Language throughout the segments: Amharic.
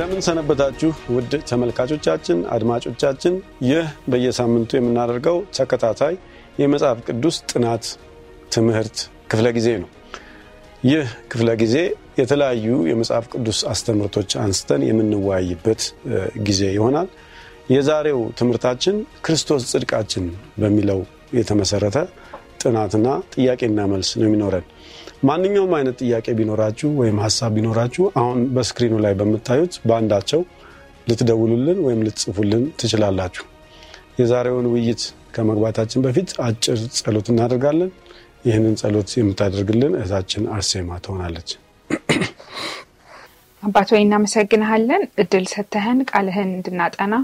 እንደምን ሰነበታችሁ ውድ ተመልካቾቻችን፣ አድማጮቻችን። ይህ በየሳምንቱ የምናደርገው ተከታታይ የመጽሐፍ ቅዱስ ጥናት ትምህርት ክፍለ ጊዜ ነው። ይህ ክፍለ ጊዜ የተለያዩ የመጽሐፍ ቅዱስ አስተምህርቶች አንስተን የምንወያይበት ጊዜ ይሆናል። የዛሬው ትምህርታችን ክርስቶስ ጽድቃችን በሚለው የተመሰረተ ጥናትና ጥያቄና መልስ ነው የሚኖረን። ማንኛውም አይነት ጥያቄ ቢኖራችሁ ወይም ሀሳብ ቢኖራችሁ አሁን በስክሪኑ ላይ በምታዩት በአንዳቸው ልትደውሉልን ወይም ልትጽፉልን ትችላላችሁ። የዛሬውን ውይይት ከመግባታችን በፊት አጭር ጸሎት እናደርጋለን። ይህንን ጸሎት የምታደርግልን እህታችን አርሴማ ትሆናለች። አባት ወይ እናመሰግንሃለን፣ እድል ሰተህን ቃልህን እንድናጠና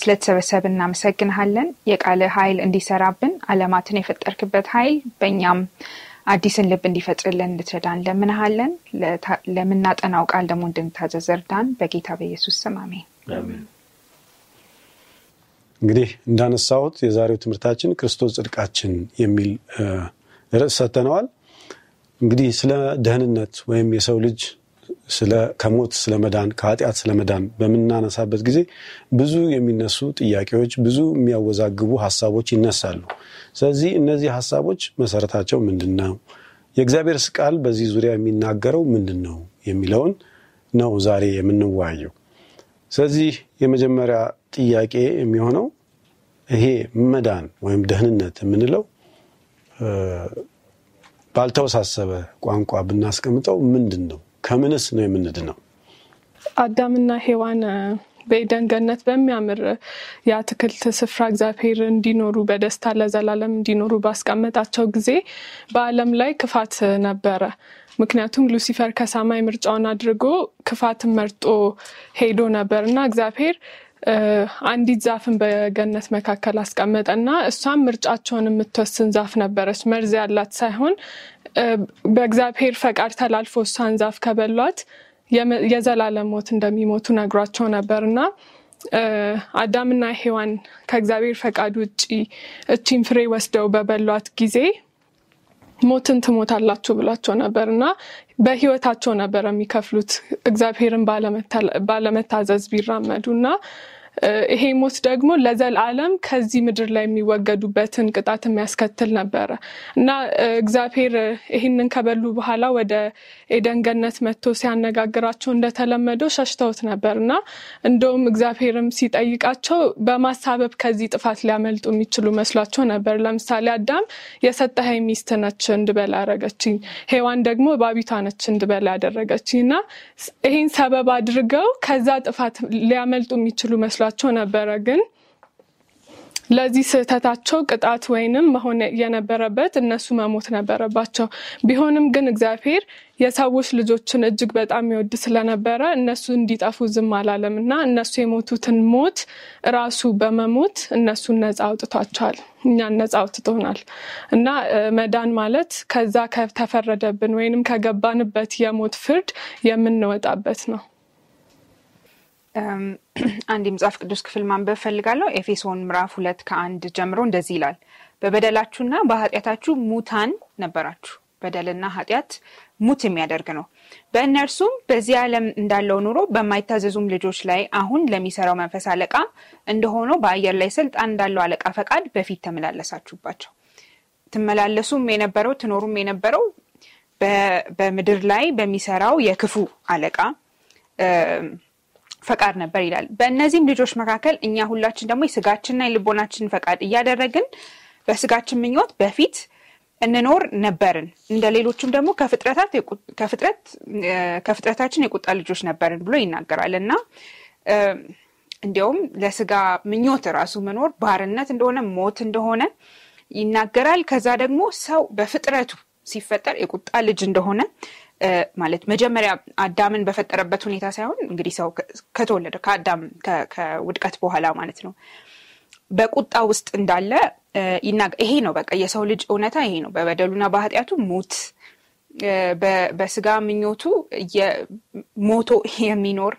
ስለተሰበሰብ እናመሰግንሃለን። የቃልህ ኃይል እንዲሰራብን አለማትን የፈጠርክበት ኃይል በእኛም አዲስን ልብ እንዲፈጥርልን እንድትረዳን ለምንሃለን። ለምናጠናው ቃል ደግሞ እንድንታዘዝ እርዳን። በጌታ በኢየሱስ ስም አሜን። እንግዲህ እንዳነሳሁት የዛሬው ትምህርታችን ክርስቶስ ጽድቃችን የሚል ርዕስ ሰተነዋል። እንግዲህ ስለ ደህንነት ወይም የሰው ልጅ ከሞት ስለመዳን ከኃጢአት ስለመዳን በምናነሳበት ጊዜ ብዙ የሚነሱ ጥያቄዎች፣ ብዙ የሚያወዛግቡ ሀሳቦች ይነሳሉ። ስለዚህ እነዚህ ሀሳቦች መሰረታቸው ምንድን ነው? የእግዚአብሔር ቃል በዚህ ዙሪያ የሚናገረው ምንድን ነው የሚለውን ነው ዛሬ የምንወያየው። ስለዚህ የመጀመሪያ ጥያቄ የሚሆነው ይሄ መዳን ወይም ደህንነት የምንለው ባልተወሳሰበ ቋንቋ ብናስቀምጠው ምንድን ነው ከምንስ ነው የምንድነው? አዳምና ሔዋን በኤደን ገነት በሚያምር የአትክልት ስፍራ እግዚአብሔር እንዲኖሩ በደስታ ለዘላለም እንዲኖሩ ባስቀመጣቸው ጊዜ በዓለም ላይ ክፋት ነበረ። ምክንያቱም ሉሲፈር ከሰማይ ምርጫውን አድርጎ ክፋትን መርጦ ሄዶ ነበር እና እግዚአብሔር አንዲት ዛፍን በገነት መካከል አስቀመጠ እና እሷም ምርጫቸውን የምትወስን ዛፍ ነበረች። መርዝ ያላት ሳይሆን በእግዚአብሔር ፈቃድ ተላልፎ እሷን ዛፍ ከበሏት የዘላለም ሞት እንደሚሞቱ ነግሯቸው ነበር እና አዳምና ሔዋን ከእግዚአብሔር ፈቃድ ውጭ እቺን ፍሬ ወስደው በበሏት ጊዜ ሞትን ትሞታላችሁ ብሏቸው ነበር እና በህይወታቸው ነበር የሚከፍሉት እግዚአብሔርን ባለመታዘዝ ቢራመዱ እና ይሄ ሞት ደግሞ ለዘላለም ከዚህ ምድር ላይ የሚወገዱበትን ቅጣት የሚያስከትል ነበረ እና እግዚአብሔር ይህንን ከበሉ በኋላ ወደ ኤደንገነት መጥቶ ሲያነጋግራቸው እንደተለመደው ሸሽተውት ነበር እና እንደውም እግዚአብሔርም ሲጠይቃቸው በማሳበብ ከዚህ ጥፋት ሊያመልጡ የሚችሉ መስሏቸው ነበር። ለምሳሌ አዳም የሰጠኸኝ ሚስት ነች እንድበላ ያደረገችኝ፣ ሔዋን ደግሞ ባቢቷ ነች እንድበላ ያደረገችኝ እና ይህን ሰበብ አድርገው ከዛ ጥፋት ሊያመልጡ የሚችሉ መስሏቸው መስሏቸው ነበረ። ግን ለዚህ ስህተታቸው ቅጣት ወይንም መሆን የነበረበት እነሱ መሞት ነበረባቸው። ቢሆንም ግን እግዚአብሔር የሰዎች ልጆችን እጅግ በጣም ይወድ ስለነበረ እነሱ እንዲጠፉ ዝም አላለም እና እነሱ የሞቱትን ሞት ራሱ በመሞት እነሱን ነጻ አውጥቷቸዋል። እኛን ነፃ አውጥቶናል እና መዳን ማለት ከዛ ከተፈረደብን ወይንም ከገባንበት የሞት ፍርድ የምንወጣበት ነው። አንድ የመጽሐፍ ቅዱስ ክፍል ማንበብ ፈልጋለሁ። ኤፌሶን ምዕራፍ ሁለት ከአንድ ጀምሮ እንደዚህ ይላል፣ በበደላችሁና በኃጢአታችሁ ሙታን ነበራችሁ። በደልና ኃጢአት ሙት የሚያደርግ ነው። በእነርሱም በዚህ ዓለም እንዳለው ኑሮ በማይታዘዙም ልጆች ላይ አሁን ለሚሰራው መንፈስ አለቃ እንደሆነው በአየር ላይ ስልጣን እንዳለው አለቃ ፈቃድ በፊት ተመላለሳችሁባቸው። ትመላለሱም የነበረው ትኖሩም የነበረው በምድር ላይ በሚሰራው የክፉ አለቃ ፈቃድ ነበር ይላል። በእነዚህም ልጆች መካከል እኛ ሁላችን ደግሞ የስጋችንና የልቦናችንን ፈቃድ እያደረግን በስጋችን ምኞት በፊት እንኖር ነበርን። እንደ ሌሎችም ደግሞ ከፍጥረታችን የቁጣ ልጆች ነበርን ብሎ ይናገራል እና እንዲያውም ለስጋ ምኞት ራሱ መኖር ባርነት እንደሆነ ሞት እንደሆነ ይናገራል። ከዛ ደግሞ ሰው በፍጥረቱ ሲፈጠር የቁጣ ልጅ እንደሆነ ማለት መጀመሪያ አዳምን በፈጠረበት ሁኔታ ሳይሆን እንግዲህ ሰው ከተወለደ ከአዳም ከውድቀት በኋላ ማለት ነው በቁጣ ውስጥ እንዳለ ይሄ ነው በቃ የሰው ልጅ እውነታ ይሄ ነው። በበደሉና በኃጢአቱ ሞት፣ በስጋ ምኞቱ ሞቶ የሚኖር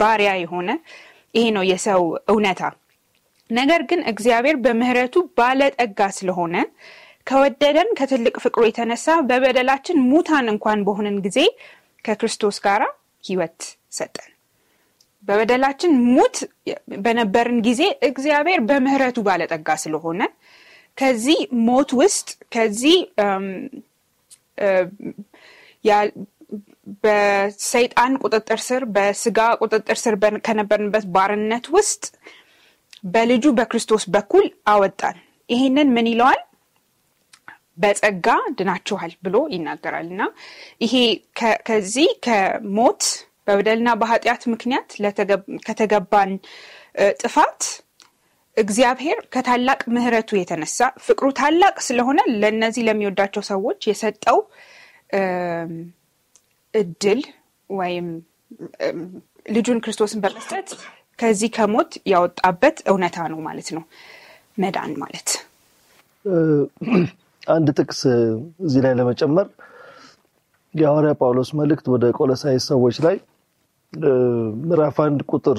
ባሪያ የሆነ ይሄ ነው የሰው እውነታ። ነገር ግን እግዚአብሔር በምህረቱ ባለጠጋ ስለሆነ ከወደደን ከትልቅ ፍቅሩ የተነሳ በበደላችን ሙታን እንኳን በሆንን ጊዜ ከክርስቶስ ጋር ህይወት ሰጠን። በበደላችን ሙት በነበርን ጊዜ እግዚአብሔር በምህረቱ ባለጠጋ ስለሆነ ከዚህ ሞት ውስጥ ከዚህ በሰይጣን ቁጥጥር ስር በስጋ ቁጥጥር ስር ከነበርንበት ባርነት ውስጥ በልጁ በክርስቶስ በኩል አወጣን። ይሄንን ምን ይለዋል? በጸጋ ድናችኋል ብሎ ይናገራል እና ይሄ ከዚህ ከሞት በበደልና በኃጢአት ምክንያት ከተገባን ጥፋት እግዚአብሔር ከታላቅ ምህረቱ የተነሳ ፍቅሩ ታላቅ ስለሆነ ለእነዚህ ለሚወዳቸው ሰዎች የሰጠው እድል ወይም ልጁን ክርስቶስን በመስጠት ከዚህ ከሞት ያወጣበት እውነታ ነው ማለት ነው። መዳን ማለት አንድ ጥቅስ እዚህ ላይ ለመጨመር የሐዋርያ ጳውሎስ መልእክት ወደ ቆሎሳይ ሰዎች ላይ ምዕራፍ አንድ ቁጥር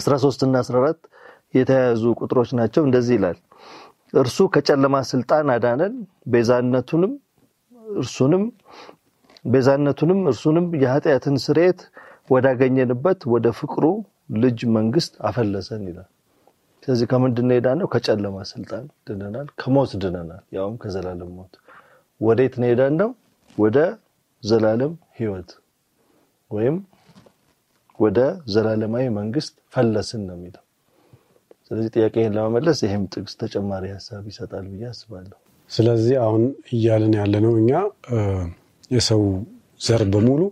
13 እና 14 የተያያዙ ቁጥሮች ናቸው። እንደዚህ ይላል፣ እርሱ ከጨለማ ስልጣን አዳነን፣ ቤዛነቱንም እርሱንም ቤዛነቱንም እርሱንም የኃጢአትን ስርየት ወዳገኘንበት ወደ ፍቅሩ ልጅ መንግስት አፈለሰን ይላል። ስለዚህ ከምንድን ነው ከጨለማ ስልጣን ድነናል፣ ከሞት ድነናል፣ ያውም ከዘላለም ሞት። ወዴት ነው ወደ ዘላለም ህይወት ወይም ወደ ዘላለማዊ መንግስት ፈለስን ነው የሚለው። ስለዚህ ጥያቄን ለመመለስ ይህም ጥቅስ ተጨማሪ ሀሳብ ይሰጣል ብዬ አስባለሁ። ስለዚህ አሁን እያልን ነው እኛ የሰው ዘር በሙሉ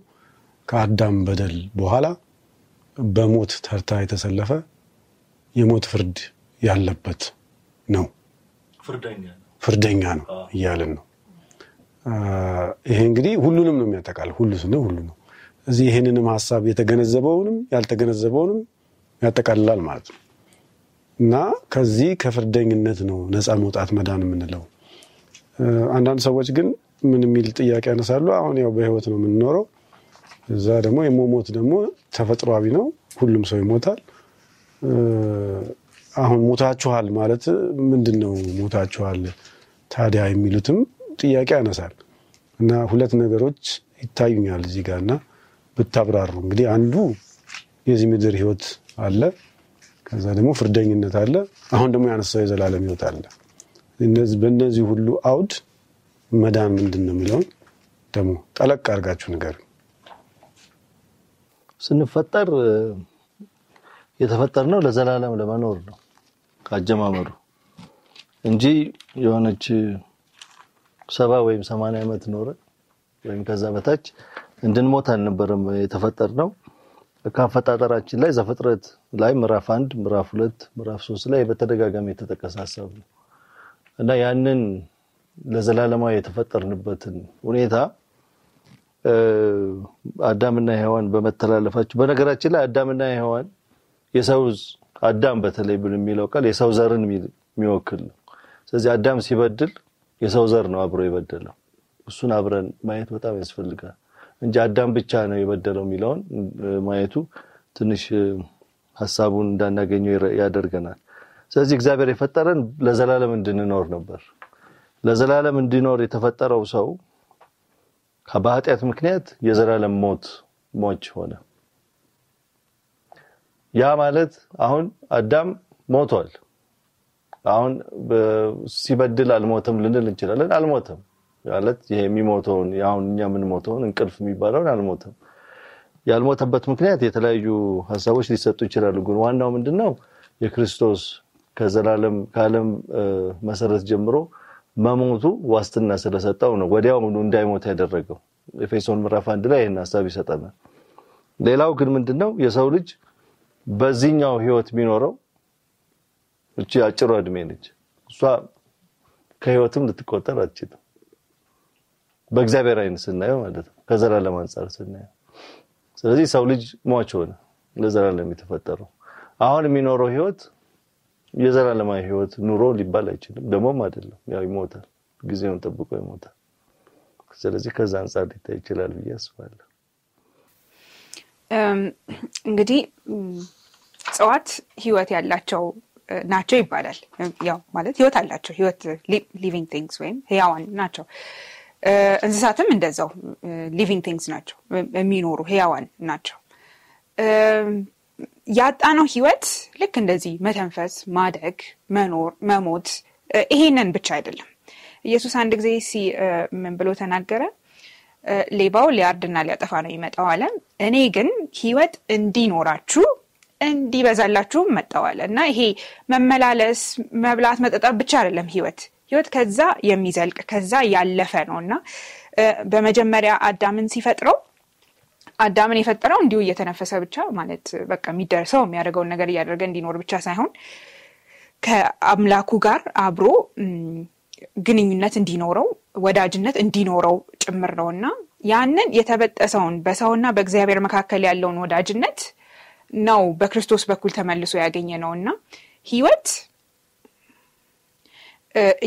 ከአዳም በደል በኋላ በሞት ተርታ የተሰለፈ የሞት ፍርድ ያለበት ነው፣ ፍርደኛ ነው እያለን ነው። ይሄ እንግዲህ ሁሉንም ነው የሚያጠቃል። ሁሉ ስ ሁሉ ነው። እዚህ ይህንንም ሀሳብ የተገነዘበውንም ያልተገነዘበውንም ያጠቃልላል ማለት ነው እና ከዚህ ከፍርደኝነት ነው ነፃ መውጣት መዳን የምንለው። አንዳንድ ሰዎች ግን ምን የሚል ጥያቄ ያነሳሉ። አሁን ያው በህይወት ነው የምንኖረው፣ እዛ ደግሞ የሞሞት ደግሞ ተፈጥሯዊ ነው፣ ሁሉም ሰው ይሞታል። አሁን ሞታችኋል ማለት ምንድን ነው? ሞታችኋል ታዲያ የሚሉትም ጥያቄ ያነሳል እና ሁለት ነገሮች ይታዩኛል እዚህ ጋር እና ብታብራሩ። እንግዲህ አንዱ የዚህ ምድር ህይወት አለ፣ ከዛ ደግሞ ፍርደኝነት አለ፣ አሁን ደግሞ ያነሳው የዘላለም ህይወት አለ። በእነዚህ ሁሉ አውድ መዳን ምንድን ነው የሚለውን ደግሞ ጠለቅ አድርጋችሁ ንገሩ። ስንፈጠር የተፈጠርነው ለዘላለም ለመኖር ነው ካጀማመሩ እንጂ የሆነች ሰባ ወይም ሰማንያ ዓመት ኖረ ወይም ከዛ በታች እንድንሞት አልነበረም የተፈጠርነው። ከአፈጣጠራችን ላይ ዘፍጥረት ላይ ምዕራፍ አንድ ምዕራፍ ሁለት ምዕራፍ ሶስት ላይ በተደጋጋሚ የተጠቀሰ ሀሳብ ነው እና ያንን ለዘላለማዊ የተፈጠርንበትን ሁኔታ አዳምና ሔዋን በመተላለፋቸው በነገራችን ላይ አዳምና ሔዋን የሰው አዳም በተለይ ብሎ የሚለው ቃል የሰው ዘርን የሚወክል ነው። ስለዚህ አዳም ሲበድል የሰው ዘር ነው አብሮ የበደለው። እሱን አብረን ማየት በጣም ያስፈልጋል እንጂ አዳም ብቻ ነው የበደለው የሚለውን ማየቱ ትንሽ ሀሳቡን እንዳናገኘው ያደርገናል። ስለዚህ እግዚአብሔር የፈጠረን ለዘላለም እንድንኖር ነበር። ለዘላለም እንዲኖር የተፈጠረው ሰው በኃጢአት ምክንያት የዘላለም ሞት ሞች ሆነ። ያ ማለት አሁን አዳም ሞቷል። አሁን ሲበድል አልሞተም ልንል እንችላለን። አልሞተም ማለት ይሄ የሚሞተውን አሁን እኛ የምንሞተውን እንቅልፍ የሚባለውን አልሞተም። ያልሞተበት ምክንያት የተለያዩ ሀሳቦች ሊሰጡ ይችላሉ። ግን ዋናው ምንድን ነው የክርስቶስ ከዘላለም ከዓለም መሰረት ጀምሮ መሞቱ ዋስትና ስለሰጠው ነው ወዲያውኑ እንዳይሞት ያደረገው። ኤፌሶን ምዕራፍ አንድ ላይ ይህን ሀሳብ ይሰጠናል። ሌላው ግን ምንድን ነው የሰው ልጅ በዚህኛው ህይወት ቢኖረው እቺ አጭሯ እድሜ ነች። እሷ ከህይወትም ልትቆጠር አትችልም። በእግዚአብሔር አይነት ስናየው ማለት ነው፣ ከዘላለም አንጻር ስናየው። ስለዚህ ሰው ልጅ ሟች ሆነ፣ ለዘላለም የተፈጠረው። አሁን የሚኖረው ህይወት የዘላለማዊ ህይወት ኑሮ ሊባል አይችልም፣ ደግሞም አይደለም። ያው ይሞታል፣ ጊዜውን ጠብቆ ይሞታል። ስለዚህ ከዛ አንጻር ሊታይ ይችላል ብዬ አስባለሁ። እንግዲህ እጽዋት ህይወት ያላቸው ናቸው ይባላል። ያው ማለት ህይወት አላቸው ህይወት ሊቪንግ ቲንግስ ወይም ህያዋን ናቸው። እንስሳትም እንደዛው ሊቪንግ ቲንግስ ናቸው፣ የሚኖሩ ህያዋን ናቸው። ያጣነው ህይወት ልክ እንደዚህ መተንፈስ፣ ማደግ፣ መኖር፣ መሞት ይሄንን ብቻ አይደለም። ኢየሱስ አንድ ጊዜ ምን ብሎ ተናገረ? ሌባው ሊያርድና ሊያጠፋ ነው ይመጣው አለ። እኔ ግን ህይወት እንዲኖራችሁ እንዲበዛላችሁ መጠዋለ እና ይሄ መመላለስ፣ መብላት፣ መጠጣት ብቻ አይደለም ህይወት ህይወት ከዛ የሚዘልቅ ከዛ ያለፈ ነው እና በመጀመሪያ አዳምን ሲፈጥረው አዳምን የፈጠረው እንዲሁ እየተነፈሰ ብቻ ማለት በቃ የሚደርሰው የሚያደርገውን ነገር እያደረገ እንዲኖር ብቻ ሳይሆን ከአምላኩ ጋር አብሮ ግንኙነት እንዲኖረው ወዳጅነት እንዲኖረው ጭምር ነው እና ያንን የተበጠሰውን በሰውና በእግዚአብሔር መካከል ያለውን ወዳጅነት ነው በክርስቶስ በኩል ተመልሶ ያገኘ ነው እና ህይወት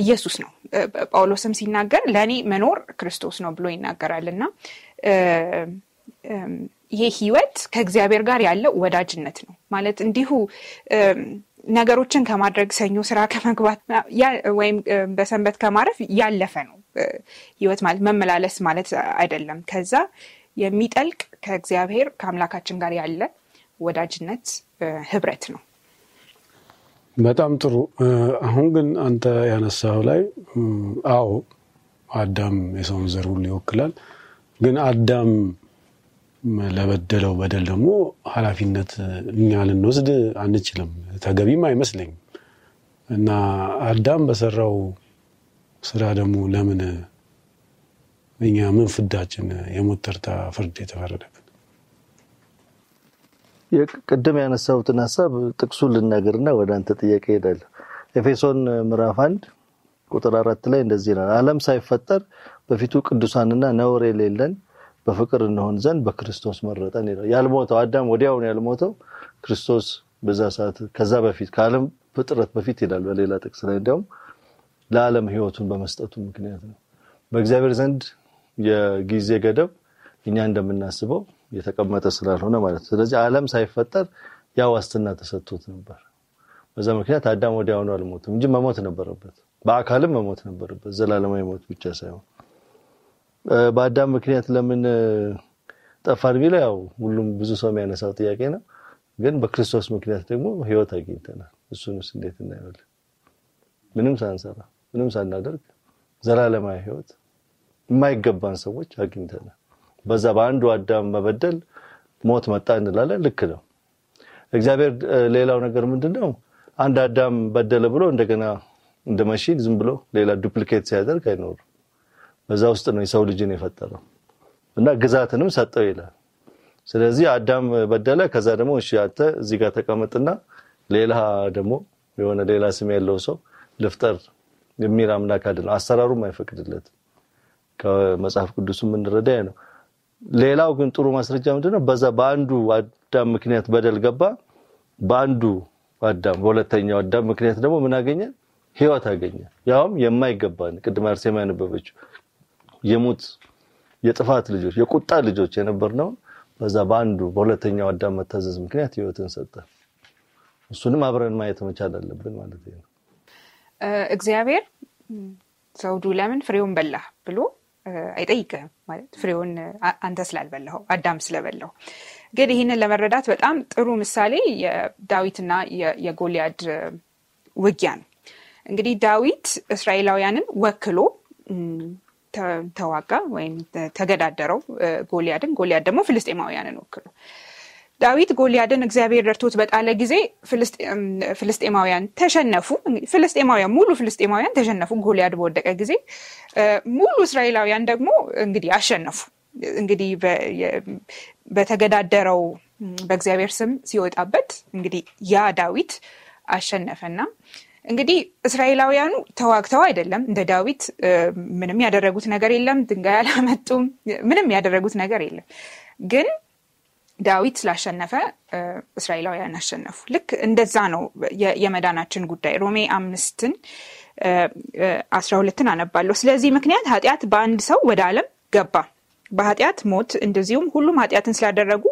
ኢየሱስ ነው። ጳውሎስም ሲናገር ለእኔ መኖር ክርስቶስ ነው ብሎ ይናገራል እና ይሄ ህይወት ከእግዚአብሔር ጋር ያለው ወዳጅነት ነው ማለት እንዲሁ ነገሮችን ከማድረግ ሰኞ ስራ ከመግባት ወይም በሰንበት ከማረፍ ያለፈ ነው። ህይወት ማለት መመላለስ ማለት አይደለም። ከዛ የሚጠልቅ ከእግዚአብሔር ከአምላካችን ጋር ያለ ወዳጅነት ህብረት ነው። በጣም ጥሩ። አሁን ግን አንተ ያነሳው ላይ አዎ አዳም የሰውን ዘር ሁሉ ይወክላል። ግን አዳም ለበደለው በደል ደግሞ ኃላፊነት እኛ ልንወስድ አንችልም፣ ተገቢም አይመስለኝም እና አዳም በሰራው ስራ ደግሞ ለምን እኛ ምን ፍዳችን የሞት ተርታ ፍርድ የተፈረደብን? ቅድም ያነሳሁትን ሀሳብ ጥቅሱን ልናገርና ወደ አንተ ጥያቄ ሄዳለሁ። ኤፌሶን ምዕራፍ አንድ ቁጥር አራት ላይ እንደዚህ ይላል፣ ዓለም ሳይፈጠር በፊቱ ቅዱሳንና ነውር የሌለን በፍቅር እንሆን ዘንድ በክርስቶስ መረጠን ይላል። ያልሞተው አዳም ወዲያውን ያልሞተው ክርስቶስ በዛ ሰዓት ከዛ በፊት ከዓለም ፍጥረት በፊት ይላል በሌላ ጥቅስ ላይ እንዲያውም ለዓለም ሕይወቱን በመስጠቱ ምክንያት ነው። በእግዚአብሔር ዘንድ የጊዜ ገደብ እኛ እንደምናስበው የተቀመጠ ስላልሆነ ማለት ነው። ስለዚህ ዓለም ሳይፈጠር ያ ዋስትና ተሰጥቶት ነበር። በዛ ምክንያት አዳም ወዲያውኑ አልሞትም እንጂ መሞት ነበረበት፣ በአካልም መሞት ነበረበት። ዘላለማዊ ሞት ብቻ ሳይሆን በአዳም ምክንያት ለምን ጠፋን የሚለው ያው ሁሉም ብዙ ሰው የሚያነሳው ጥያቄ ነው። ግን በክርስቶስ ምክንያት ደግሞ ህይወት አግኝተናል። እሱንስ እንዴት እናየዋለን? ምንም ሳንሰራ ምንም ሳናደርግ ዘላለማዊ ህይወት የማይገባን ሰዎች አግኝተናል። በዛ በአንዱ አዳም መበደል ሞት መጣ እንላለን። ልክ ነው። እግዚአብሔር ሌላው ነገር ምንድን ነው? አንድ አዳም በደለ ብሎ እንደገና እንደ ዝም ብሎ ሌላ ዱፕሊኬት ሲያደርግ አይኖርም። በዛ ውስጥ ነው የሰው ልጅን የፈጠረው እና ግዛትንም ሰጠው ይላል። ስለዚህ አዳም በደለ። ከዛ ደግሞ እሺ አንተ እዚህ ጋር ተቀመጥና ሌላ ደግሞ የሆነ ሌላ ስም ያለው ሰው ልፍጠር የሚል አምላክ አይደለም። አሰራሩም አይፈቅድለት። ከመጽሐፍ ቅዱስ የምንረዳ ነው። ሌላው ግን ጥሩ ማስረጃ ምንድነው? በዛ በአንዱ አዳም ምክንያት በደል ገባ። በአንዱ አዳም በሁለተኛው አዳም ምክንያት ደግሞ ምን አገኘ? ህይወት አገኘ። ያውም የማይገባን ቅድም አርሴማ ያነበበችው የሙት የጥፋት ልጆች የቁጣ ልጆች ነው። በዛ በአንዱ በሁለተኛው አዳም መታዘዝ ምክንያት ህይወትን ሰጠ። እሱንም አብረን ማየት መቻል አለብን ማለት ነው። እግዚአብሔር ዘውዱ ለምን ፍሬውን በላህ ብሎ አይጠይቅህም ማለት ፍሬውን አንተ ስላልበላው አዳም ስለበላው። ግን ይህንን ለመረዳት በጣም ጥሩ ምሳሌ የዳዊትና የጎልያድ ውጊያ ነው። እንግዲህ ዳዊት እስራኤላውያንን ወክሎ ተዋጋ ወይም ተገዳደረው ጎልያድን። ጎልያድ ደግሞ ፍልስጤማውያንን ወክሉ ዳዊት ጎልያድን እግዚአብሔር ረድቶት በጣለ ጊዜ ፍልስጤማውያን ተሸነፉ። ፍልስጤማውያን ሙሉ ፍልስጤማውያን ተሸነፉ። ጎልያድ በወደቀ ጊዜ ሙሉ እስራኤላውያን ደግሞ እንግዲህ አሸነፉ። እንግዲህ በተገዳደረው በእግዚአብሔር ስም ሲወጣበት እንግዲህ ያ ዳዊት አሸነፈና እንግዲህ እስራኤላውያኑ ተዋግተው አይደለም እንደ ዳዊት ምንም ያደረጉት ነገር የለም። ድንጋይ አላመጡም። ምንም ያደረጉት ነገር የለም። ግን ዳዊት ስላሸነፈ እስራኤላውያን አሸነፉ። ልክ እንደዛ ነው የመዳናችን ጉዳይ። ሮሜ አምስትን አስራ ሁለትን አነባለሁ። ስለዚህ ምክንያት ኃጢአት በአንድ ሰው ወደ አለም ገባ፣ በኃጢአት ሞት፣ እንደዚሁም ሁሉም ኃጢአትን ስላደረጉ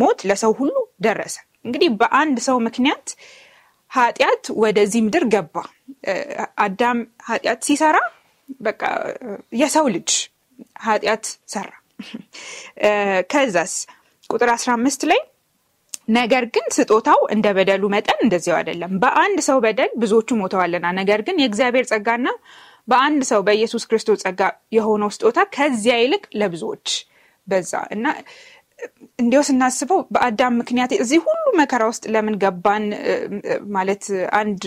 ሞት ለሰው ሁሉ ደረሰ። እንግዲህ በአንድ ሰው ምክንያት ኃጢአት ወደዚህ ምድር ገባ። አዳም ኃጢአት ሲሰራ በቃ የሰው ልጅ ኃጢአት ሰራ። ከዛስ ቁጥር አስራ አምስት ላይ ነገር ግን ስጦታው እንደ በደሉ መጠን እንደዚያው አይደለም። በአንድ ሰው በደል ብዙዎቹ ሞተዋለና ነገር ግን የእግዚአብሔር ጸጋና በአንድ ሰው በኢየሱስ ክርስቶስ ጸጋ የሆነው ስጦታ ከዚያ ይልቅ ለብዙዎች በዛ እና እንዲያው ስናስበው በአዳም ምክንያት እዚህ ሁሉ መከራ ውስጥ ለምን ገባን ማለት አንድ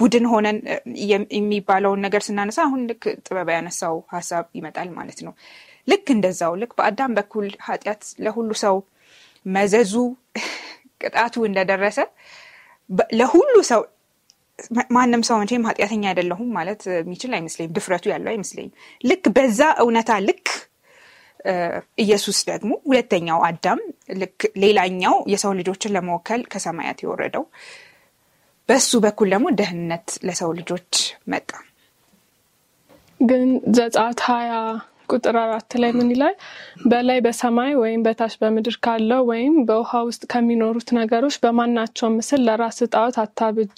ቡድን ሆነን የሚባለውን ነገር ስናነሳ አሁን ልክ ጥበብ ያነሳው ሀሳብ ይመጣል ማለት ነው። ልክ እንደዛው ልክ በአዳም በኩል ኃጢአት ለሁሉ ሰው መዘዙ ቅጣቱ እንደደረሰ ለሁሉ ሰው ማንም ሰው መቼም ኃጢአተኛ አይደለሁም ማለት የሚችል አይመስለኝም። ድፍረቱ ያለው አይመስለኝም። ልክ በዛ እውነታ ልክ ኢየሱስ ደግሞ ሁለተኛው አዳም ልክ ሌላኛው የሰው ልጆችን ለመወከል ከሰማያት የወረደው በሱ በኩል ደግሞ ደህንነት ለሰው ልጆች መጣ። ግን ዘጻት ሀያ ቁጥር አራት ላይ ምን ይላል? በላይ በሰማይ ወይም በታች በምድር ካለው ወይም በውሃ ውስጥ ከሚኖሩት ነገሮች በማናቸው ምስል ለራስ ጣዖት አታብጅ፣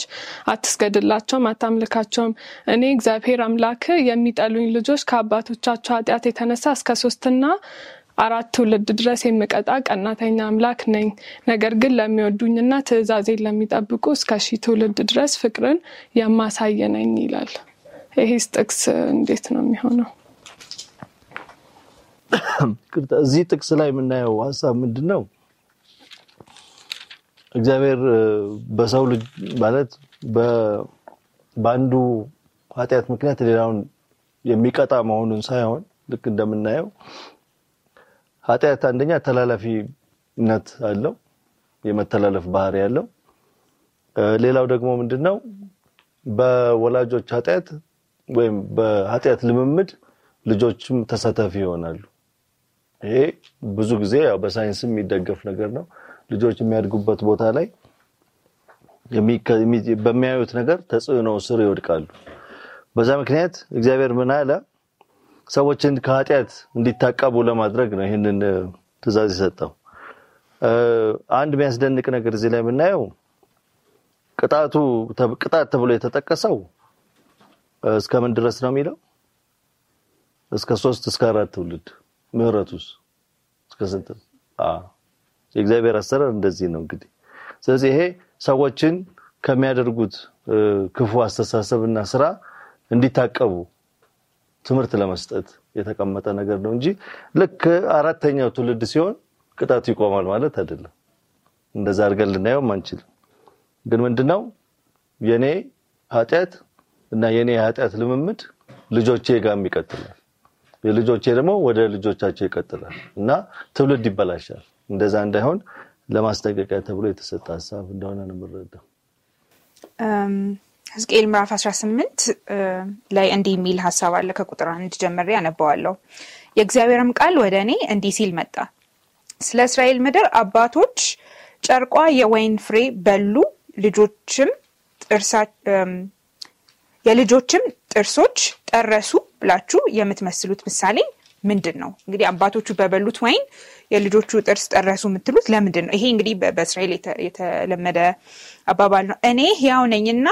አትስገድላቸውም፣ አታምልካቸውም። እኔ እግዚአብሔር አምላክ የሚጠሉኝ ልጆች ከአባቶቻቸው ኃጢአት የተነሳ እስከ ሶስትና አራት ትውልድ ድረስ የምቀጣ ቀናተኛ አምላክ ነኝ። ነገር ግን ለሚወዱኝና ትእዛዜን ለሚጠብቁ እስከ ሺህ ትውልድ ድረስ ፍቅርን የማሳየ ነኝ ይላል። ይሄስ ጥቅስ እንዴት ነው የሚሆነው? እዚህ ጥቅስ ላይ የምናየው ሀሳብ ምንድን ነው? እግዚአብሔር በሰው ልጅ ማለት በአንዱ ኃጢአት ምክንያት ሌላውን የሚቀጣ መሆኑን ሳይሆን ልክ እንደምናየው ኃጢአት አንደኛ ተላላፊነት አለው፣ የመተላለፍ ባህሪ ያለው። ሌላው ደግሞ ምንድነው በወላጆች ኃጢአት ወይም በኃጢአት ልምምድ ልጆችም ተሳታፊ ይሆናሉ። ይሄ ብዙ ጊዜ ያው በሳይንስ የሚደገፍ ነገር ነው። ልጆች የሚያድጉበት ቦታ ላይ በሚያዩት ነገር ተጽዕኖ ስር ይወድቃሉ። በዛ ምክንያት እግዚአብሔር ምን አለ? ሰዎችን ከኃጢአት እንዲታቀቡ ለማድረግ ነው ይህንን ትእዛዝ የሰጠው። አንድ የሚያስደንቅ ነገር እዚህ ላይ የምናየው ቅጣቱ ቅጣት ተብሎ የተጠቀሰው እስከምን ድረስ ነው የሚለው እስከ ሶስት እስከ አራት ትውልድ ምህረቱስ እስከ ስንት ነው? የእግዚአብሔር አሰራር እንደዚህ ነው እንግዲህ። ስለዚህ ይሄ ሰዎችን ከሚያደርጉት ክፉ አስተሳሰብና ስራ እንዲታቀቡ ትምህርት ለመስጠት የተቀመጠ ነገር ነው እንጂ ልክ አራተኛው ትውልድ ሲሆን ቅጣቱ ይቆማል ማለት አይደለም። እንደዛ አድርገን ልናየውም አንችልም። ግን ምንድነው የኔ ኃጢአት እና የኔ የኃጢአት ልምምድ ልጆቼ ጋርም ይቀጥላል። የልጆቼ ደግሞ ወደ ልጆቻቸው ይቀጥላል እና ትውልድ ይበላሻል። እንደዛ እንዳይሆን ለማስጠንቀቂያ ተብሎ የተሰጠ ሀሳብ እንደሆነ ነው የምንረዳው። ህዝቅኤል ምዕራፍ 18 ላይ እንዲህ የሚል ሀሳብ አለ። ከቁጥር አንድ ጀምሬ ያነባዋለሁ። የእግዚአብሔርም ቃል ወደ እኔ እንዲህ ሲል መጣ። ስለ እስራኤል ምድር አባቶች ጨርቋ የወይን ፍሬ በሉ፣ ልጆችም የልጆችም ጥርሶች ጠረሱ ብላችሁ የምትመስሉት ምሳሌ ምንድን ነው? እንግዲህ አባቶቹ በበሉት ወይን የልጆቹ ጥርስ ጠረሱ የምትሉት ለምንድን ነው? ይሄ እንግዲህ በእስራኤል የተለመደ አባባል ነው። እኔ ሕያው ነኝና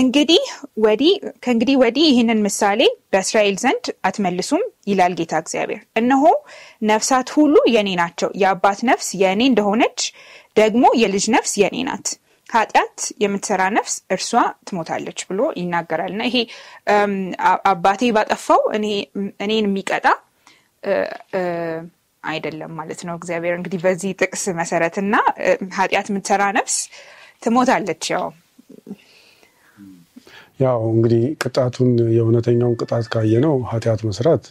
እንግዲህ ወዲህ ከእንግዲህ ወዲህ ይህንን ምሳሌ በእስራኤል ዘንድ አትመልሱም ይላል ጌታ እግዚአብሔር። እነሆ ነፍሳት ሁሉ የኔ ናቸው። የአባት ነፍስ የእኔ እንደሆነች ደግሞ የልጅ ነፍስ የእኔ ናት። ኃጢአት የምትሰራ ነፍስ እርሷ ትሞታለች ብሎ ይናገራል እና ይሄ አባቴ ባጠፋው እኔን የሚቀጣ አይደለም ማለት ነው። እግዚአብሔር እንግዲህ በዚህ ጥቅስ መሰረት እና ኃጢአት የምትሰራ ነፍስ ትሞታለች። ያው ያው እንግዲህ ቅጣቱን የእውነተኛውን ቅጣት ካየ ነው ኃጢአት መስራት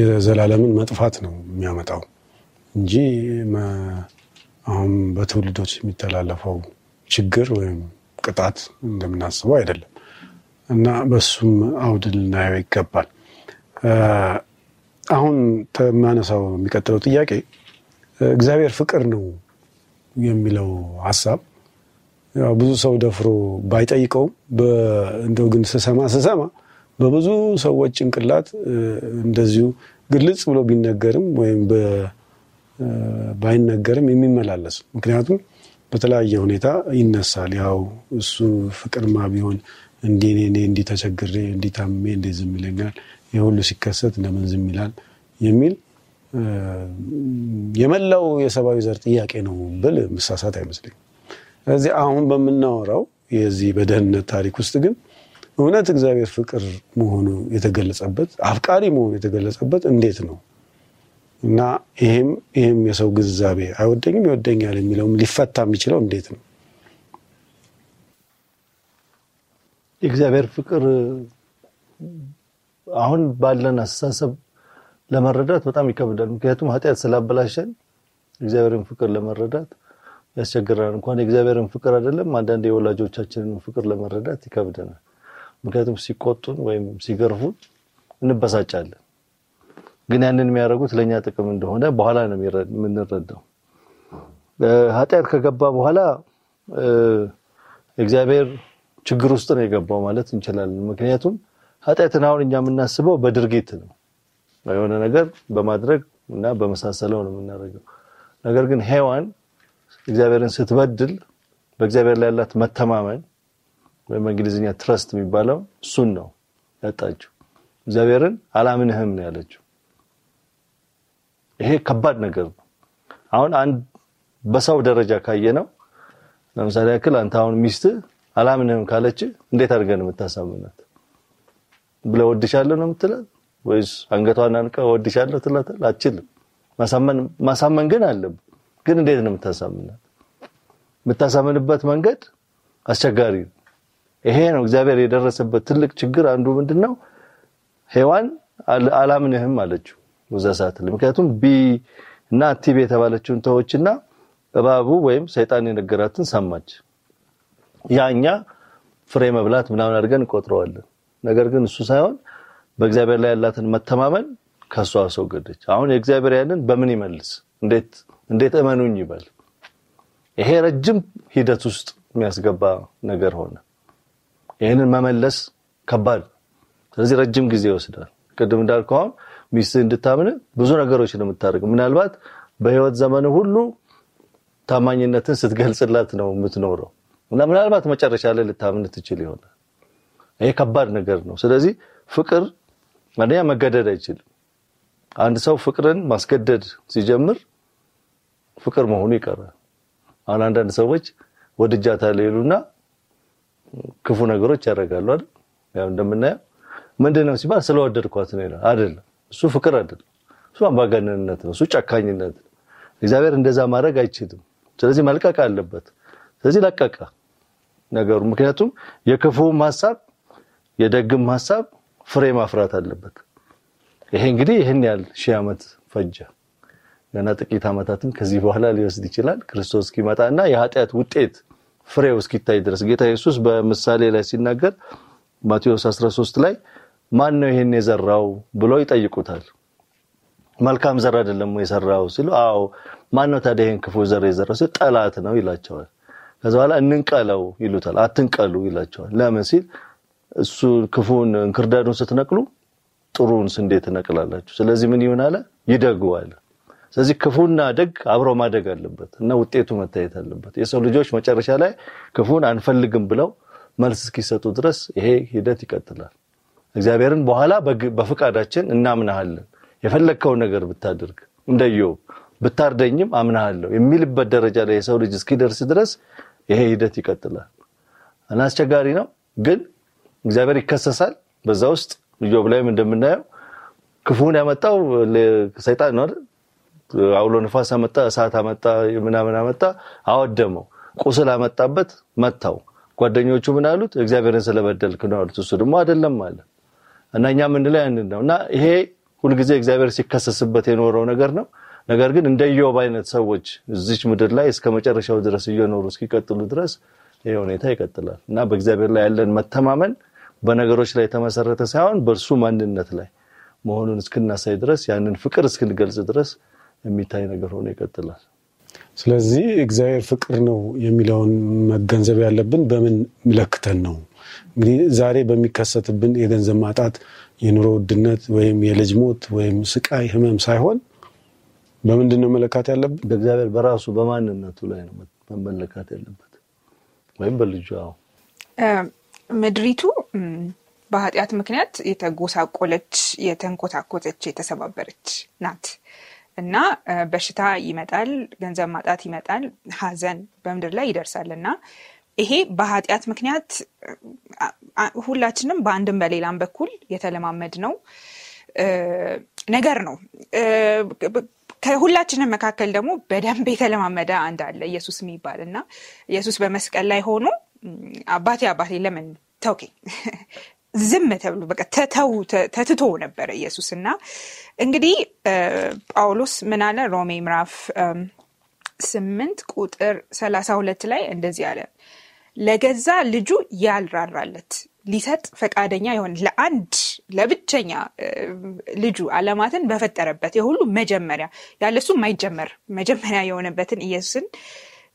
የዘላለምን መጥፋት ነው የሚያመጣው እንጂ አሁን በትውልዶች የሚተላለፈው ችግር ወይም ቅጣት እንደምናስበው አይደለም እና በሱም አውድ ልናየው ይገባል። አሁን የማነሳው የሚቀጥለው ጥያቄ እግዚአብሔር ፍቅር ነው የሚለው ሀሳብ ብዙ ሰው ደፍሮ ባይጠይቀውም እንደው ግን ስሰማ ስሰማ በብዙ ሰዎች ጭንቅላት እንደዚሁ ግልጽ ብሎ ቢነገርም ወይም ባይነገርም የሚመላለስ ምክንያቱም በተለያየ ሁኔታ ይነሳል። ያው እሱ ፍቅርማ ቢሆን እንዲህ እኔ እንዲህ ተቸግሬ እንዲህ ታምሜ ዝም ይለኛል፣ ይህ ሁሉ ሲከሰት ለምን ዝም ይላል የሚል የመላው የሰብአዊ ዘር ጥያቄ ነው ብል መሳሳት አይመስለኝም። ስለዚህ አሁን በምናወራው የዚህ በደህንነት ታሪክ ውስጥ ግን እውነት እግዚአብሔር ፍቅር መሆኑ የተገለጸበት አፍቃሪ መሆኑ የተገለጸበት እንዴት ነው እና ይሄም ይሄም የሰው ግንዛቤ አይወደኝም ይወደኛል የሚለውም ሊፈታ የሚችለው እንዴት ነው? የእግዚአብሔር ፍቅር አሁን ባለን አስተሳሰብ ለመረዳት በጣም ይከብዳል። ምክንያቱም ኃጢአት ስላበላሸን እግዚአብሔርን ፍቅር ለመረዳት ያስቸግራል። እንኳን የእግዚአብሔርን ፍቅር አይደለም አንዳንድ የወላጆቻችንን ፍቅር ለመረዳት ይከብደናል። ምክንያቱም ሲቆጡን ወይም ሲገርፉን እንበሳጫለን። ግን ያንን የሚያደርጉት ለኛ ጥቅም እንደሆነ በኋላ ነው የምንረዳው። ኃጢአት ከገባ በኋላ እግዚአብሔር ችግር ውስጥ ነው የገባው ማለት እንችላለን። ምክንያቱም ኃጢአትን አሁን እኛ የምናስበው በድርጊት ነው፣ የሆነ ነገር በማድረግ እና በመሳሰለው ነው የምናደርገው። ነገር ግን ሔዋን እግዚአብሔርን ስትበድል በእግዚአብሔር ላይ ያላት መተማመን ወይም በእንግሊዝኛ ትረስት የሚባለው እሱን ነው ያጣችው። እግዚአብሔርን አላምንህም ነው ያለችው። ይሄ ከባድ ነገር ነው። አሁን አንድ በሰው ደረጃ ካየ ነው። ለምሳሌ ያክል አንተ አሁን ሚስት አላምንህም ካለች እንዴት አድርገን ነው የምታሳምናት? ብለህ ወድሻለሁ ነው የምትላት ወይስ አንገቷን አንቀህ ወድሻለሁ ትላታለህ? አችልም። ማሳመን ማሳመን ግን አለብህ። ግን እንዴት ነው የምታሳምናት? የምታሳምንበት መንገድ አስቸጋሪ ነው። ይሄ ነው እግዚአብሔር የደረሰበት ትልቅ ችግር። አንዱ ምንድነው ሔዋን አላምንህም አለችው። እዛ ሰዓት ላይ ምክንያቱም ቢ እና ቲብ የተባለችውን ተወችና እባቡ ወይም ሰይጣን የነገራትን ሰማች። ያኛ ፍሬ መብላት ምናምን አድርገን እንቆጥረዋለን። ነገር ግን እሱ ሳይሆን በእግዚአብሔር ላይ ያላትን መተማመን ከሷ አስወገደች። አሁን የእግዚአብሔር ያንን በምን ይመልስ? እንዴት እንዴት እመኑኝ ይበል? ይሄ ረጅም ሂደት ውስጥ የሚያስገባ ነገር ሆነ። ይህንን መመለስ ከባድ፣ ስለዚህ ረጅም ጊዜ ይወስዳል። ቅድም እንዳልከው አሁን ሚስት እንድታምን ብዙ ነገሮች ነው የምታደርግ። ምናልባት በህይወት ዘመን ሁሉ ታማኝነትን ስትገልጽላት ነው የምትኖረው እና ምናልባት መጨረሻ ላይ ልታምን ትችል ይሆናል። ይሄ ከባድ ነገር ነው። ስለዚህ ፍቅር አንደኛ መገደድ አይችልም። አንድ ሰው ፍቅርን ማስገደድ ሲጀምር ፍቅር መሆኑ ይቀራል። አሁን አንዳንድ ሰዎች ወድጃታለሁ ይሉና ክፉ ነገሮች ያደርጋሉ አይደል? ያው እንደምናየው ምንድን ነው ሲባል ስለወደድኳት ነው ይላል አይደለም እሱ ፍቅር አይደለም። እሱ አምባገነንነት ነው። እሱ ጨካኝነት ነው። እግዚአብሔር እንደዛ ማድረግ አይችልም። ስለዚህ መልቀቅ አለበት። ስለዚህ ለቀቀ ነገሩ። ምክንያቱም የክፉም ሀሳብ የደግም ሀሳብ ፍሬ ማፍራት አለበት። ይሄ እንግዲህ ይህን ያህል ሺህ ዓመት ፈጀ። ገና ጥቂት ዓመታትም ከዚህ በኋላ ሊወስድ ይችላል ክርስቶስ ኪመጣና የኃጢአት ውጤት ፍሬው እስኪታይ ድረስ ጌታ ኢየሱስ በምሳሌ ላይ ሲናገር ማቴዎስ 13 ላይ ማን ነው ይሄን የዘራው ብሎ ይጠይቁታል። መልካም ዘር አይደለም የሰራው ሲሉ፣ አዎ ማን ነው ታዲያ ይሄን ክፉ ዘር የዘራው ሲሉ፣ ጠላት ነው ይላቸዋል። ከዛ በኋላ እንንቀለው ይሉታል። አትንቀሉ ይላቸዋል። ለምን ሲል እሱ ክፉን እንክርዳዱን ስትነቅሉ ጥሩን ስንዴ ትነቅላላችሁ። ስለዚህ ምን ይሆን አለ ይደግዋል። ስለዚህ ክፉና ደግ አብሮ ማደግ አለበት እና ውጤቱ መታየት አለበት። የሰው ልጆች መጨረሻ ላይ ክፉን አንፈልግም ብለው መልስ እስኪሰጡ ድረስ ይሄ ሂደት ይቀጥላል። እግዚአብሔርን በኋላ በፍቃዳችን እናምናሃለን የፈለግከውን ነገር ብታደርግ እንደዮ ብታርደኝም አምናሃለሁ የሚልበት ደረጃ ላይ የሰው ልጅ እስኪደርስ ድረስ ይሄ ሂደት ይቀጥላል እና አስቸጋሪ ነው። ግን እግዚአብሔር ይከሰሳል። በዛ ውስጥ እዮብ ላይም እንደምናየው ክፉን ያመጣው ሰይጣን ነው። አውሎ ንፋስ አመጣ፣ እሳት አመጣ፣ ምናምን አመጣ፣ አወደመው፣ ቁስል አመጣበት፣ መታው። ጓደኞቹ ምን አሉት? እግዚአብሔርን ስለበደልክ ነው አሉት። እሱ ደግሞ አደለም አለ። እና እኛ ምን ላይ አንድ ነው እና ይሄ ሁልጊዜ እግዚአብሔር ሲከሰስበት የኖረው ነገር ነው። ነገር ግን እንደ ኢዮብ አይነት ሰዎች እዚች ምድር ላይ እስከ መጨረሻው ድረስ እየኖሩ እስኪቀጥሉ ድረስ ይሄ ሁኔታ ይቀጥላል እና በእግዚአብሔር ላይ ያለን መተማመን በነገሮች ላይ የተመሰረተ ሳይሆን በእርሱ ማንነት ላይ መሆኑን እስክናሳይ ድረስ ያንን ፍቅር እስክንገልጽ ድረስ የሚታይ ነገር ሆኖ ይቀጥላል። ስለዚህ እግዚአብሔር ፍቅር ነው የሚለውን መገንዘብ ያለብን በምን ምለክተን ነው? እንግዲህ ዛሬ በሚከሰትብን የገንዘብ ማጣት፣ የኑሮ ውድነት ወይም የልጅ ሞት ወይም ስቃይ ህመም ሳይሆን በምንድን ነው መለካት ያለብን? በእግዚአብሔር በራሱ በማንነቱ ላይ ነው መመለካት ያለበት ወይም በልጁ ምድሪቱ በኃጢአት ምክንያት የተጎሳቆለች የተንኮታኮተች የተሰባበረች ናት እና በሽታ ይመጣል፣ ገንዘብ ማጣት ይመጣል፣ ሀዘን በምድር ላይ ይደርሳል እና ይሄ በኃጢአት ምክንያት ሁላችንም በአንድም በሌላም በኩል የተለማመድ ነው ነገር ነው። ከሁላችንም መካከል ደግሞ በደንብ የተለማመደ አንድ አለ ኢየሱስ የሚባል እና ኢየሱስ በመስቀል ላይ ሆኖ አባቴ አባቴ ለምን ተውኬ ዝም ተብሎ በ ተተው ተትቶ ነበረ ኢየሱስ እና እንግዲህ ጳውሎስ ምን አለ ሮሜ ምራፍ ስምንት ቁጥር ሰላሳ ሁለት ላይ እንደዚህ አለ ለገዛ ልጁ ያልራራለት ሊሰጥ ፈቃደኛ የሆነ ለአንድ ለብቸኛ ልጁ አለማትን በፈጠረበት የሁሉ መጀመሪያ ያለሱ ማይጀመር መጀመሪያ የሆነበትን ኢየሱስን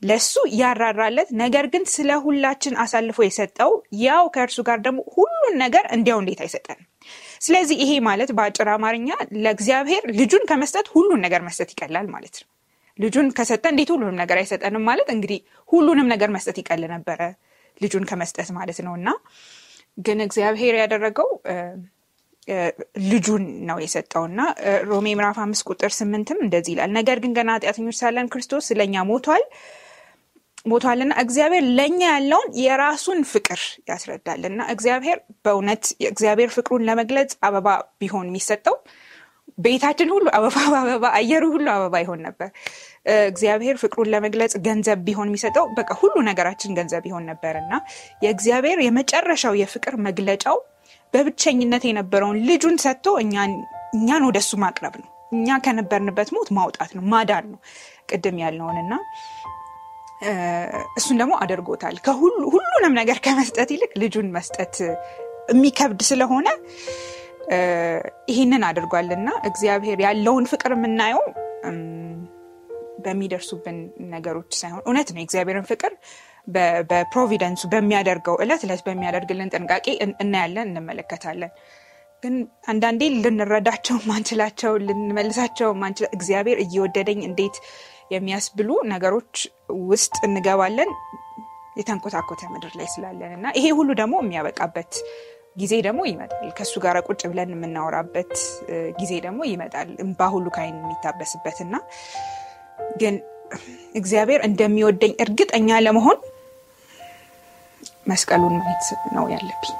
ለሱ ያራራለት ነገር ግን ስለ ሁላችን አሳልፎ የሰጠው ያው ከእርሱ ጋር ደግሞ ሁሉን ነገር እንዲያው እንዴት አይሰጠን? ስለዚህ ይሄ ማለት በአጭር አማርኛ ለእግዚአብሔር ልጁን ከመስጠት ሁሉን ነገር መስጠት ይቀላል ማለት ነው። ልጁን ከሰጠ እንዴት ሁሉንም ነገር አይሰጠንም ማለት እንግዲህ ሁሉንም ነገር መስጠት ይቀል ነበረ ልጁን ከመስጠት ማለት ነው። እና ግን እግዚአብሔር ያደረገው ልጁን ነው የሰጠው እና ሮሜ ምራፍ አምስት ቁጥር ስምንትም እንደዚህ ይላል፣ ነገር ግን ገና ኃጢአተኞች ሳለን ክርስቶስ ስለኛ ሞቷል ሞቷልና እግዚአብሔር ለእኛ ያለውን የራሱን ፍቅር ያስረዳል እና እግዚአብሔር በእውነት እግዚአብሔር ፍቅሩን ለመግለጽ አበባ ቢሆን የሚሰጠው ቤታችን ሁሉ አበባ በአበባ አየሩ ሁሉ አበባ ይሆን ነበር። እግዚአብሔር ፍቅሩን ለመግለጽ ገንዘብ ቢሆን የሚሰጠው በቃ ሁሉ ነገራችን ገንዘብ ይሆን ነበር እና የእግዚአብሔር የመጨረሻው የፍቅር መግለጫው በብቸኝነት የነበረውን ልጁን ሰጥቶ እኛን ወደሱ ማቅረብ ነው። እኛ ከነበርንበት ሞት ማውጣት ነው፣ ማዳን ነው ቅድም ያልነውን እና እሱን ደግሞ አድርጎታል። ሁሉንም ነገር ከመስጠት ይልቅ ልጁን መስጠት የሚከብድ ስለሆነ ይህንን አድርጓልና እግዚአብሔር ያለውን ፍቅር የምናየው በሚደርሱብን ነገሮች ሳይሆን እውነት ነው የእግዚአብሔርን ፍቅር በፕሮቪደንሱ በሚያደርገው እለት እለት በሚያደርግልን ጥንቃቄ እናያለን፣ እንመለከታለን። ግን አንዳንዴ ልንረዳቸው ማንችላቸው ልንመልሳቸው ማንችላ እግዚአብሔር እየወደደኝ እንዴት የሚያስብሉ ነገሮች ውስጥ እንገባለን የተንኮታኮተ ምድር ላይ ስላለን እና ይሄ ሁሉ ደግሞ የሚያበቃበት ጊዜ ደግሞ ይመጣል። ከእሱ ጋር ቁጭ ብለን የምናወራበት ጊዜ ደግሞ ይመጣል። እንባ ሁሉ የሚታበስበት እና ግን እግዚአብሔር እንደሚወደኝ እርግጠኛ ለመሆን መስቀሉን ማየት ነው ያለብኝ።